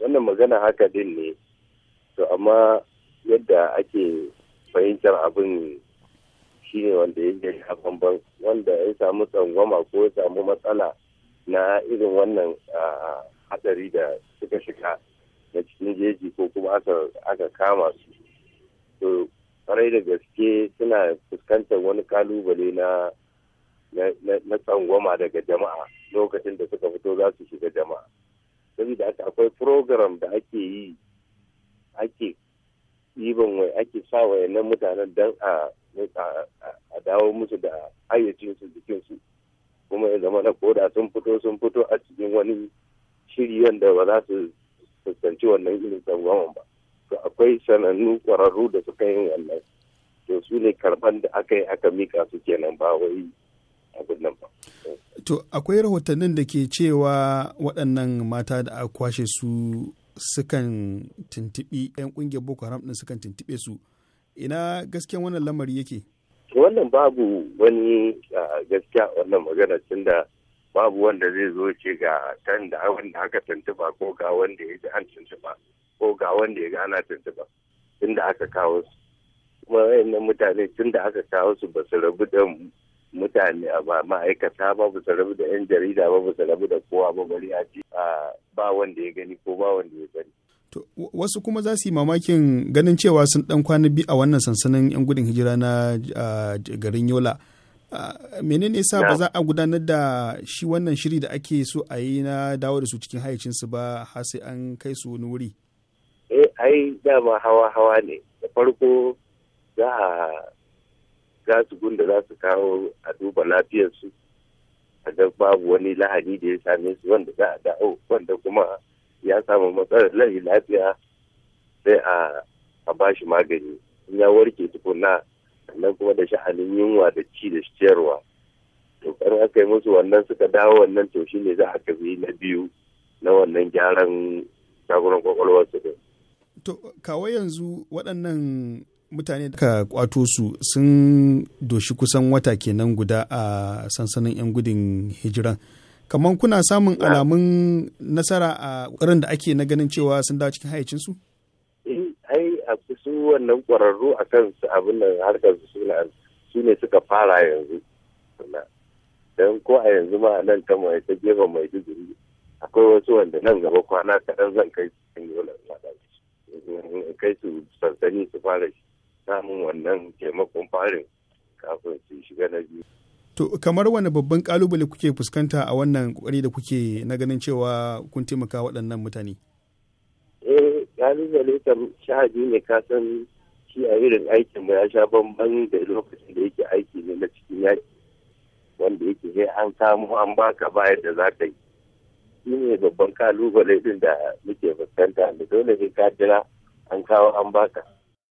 wannan magana haka din ne to amma yadda ake fahimtar abin shi ne wanda ya a bambam wanda ya samu tsangwama ko ya samu matsala na irin wannan hatsari da suka shiga na cikin jeji ko kuma aka kama su to kwarai da gaske suna fuskantar wani kalubale na na tsangwama daga jama'a lokacin da suka fito za su shiga jama'a saboda haka akwai program da ake yi ake ɗiban wai ake sa na mutanen don a a dawo musu da hayyacinsu jikinsu kuma ya zama na koda sun fito sun fito a cikin wani shiri wanda ba za su fuskanci wannan irin tsangwaman ba to akwai sanannu kwararru da suka yin wannan to su ne karban da aka yi aka mika su kenan ba wai abin ba to akwai rahotannin da ke cewa waɗannan mata da aka kwashe su sukan tuntuɓi 'yan ƙungiyar boko haram ɗin sukan tuntuɓe su ina gaskiyan wannan lamari yake wannan babu wani gaskiya wannan magana da babu wanda zai zo ce ga tan da wanda aka tuntuɓa ko ga wanda ya ji an tuntuɓa ko ga wanda ya ga ana tun da aka kawo su kuma wayannan mutane da aka kawo su ba su rabu da mutane ba ma'aikata ba su da 'yan jarida ba ba su da kowa ba bari a ji ba wanda ya gani ko ba wanda ya gani. wasu kuma za su yi mamakin ganin cewa sun dan kwana biyu a wannan sansanin 'yan gudun hijira na garin yola menene sa ba za a gudanar da shi wannan shiri da ake so a yi na dawo da su cikin hayacinsu ba har sai an kai su wani wuri eh ai dama hawa hawa ne da farko za a gasugun gunda za su kawo a duba lafiyarsu a da babu wani lahani da ya same su wanda za a dawo wanda kuma ya samu matsalar lari lafiya sai a ba shi magani in ya warke tukuna sannan kuma da sha'anin yunwa da ci da ciyarwa to kan aka yi musu wannan suka dawo wannan to ne za a kafi na biyu na wannan gyaran shagunan kwakwalwarsu din. To kawai yanzu waɗannan mutane da kwato su sun doshi kusan wata kenan guda a sansanin 'yan gudun hijiran kamar kuna samun alamun nasara a wurin da ake na ganin cewa sun dawo cikin su? Eh, ai a su wannan ƙwararru a kan abin nan harkar su ne suka fara yanzu don ko a yanzu ma nan ta mai ta jefa mai digiri akwai wasu wanda nan gaba kwana kaɗan zan kai su kai su sansani su fara shi samun wannan taimakon farin kafin su shiga na biyu. To kamar wani babban kalubale kuke fuskanta a wannan kokari da kuke na ganin cewa kun taimaka waɗannan mutane? Eh kalubale kam shahadi ne ka san shi a irin aikin mu ya sha bamban da lokacin da yake aiki ne na cikin yaki wanda yake sai an samu an baka bayar da za ka yi. Shi ne babban kalubale din da muke fuskanta da dole ne ka jira an kawo an baka.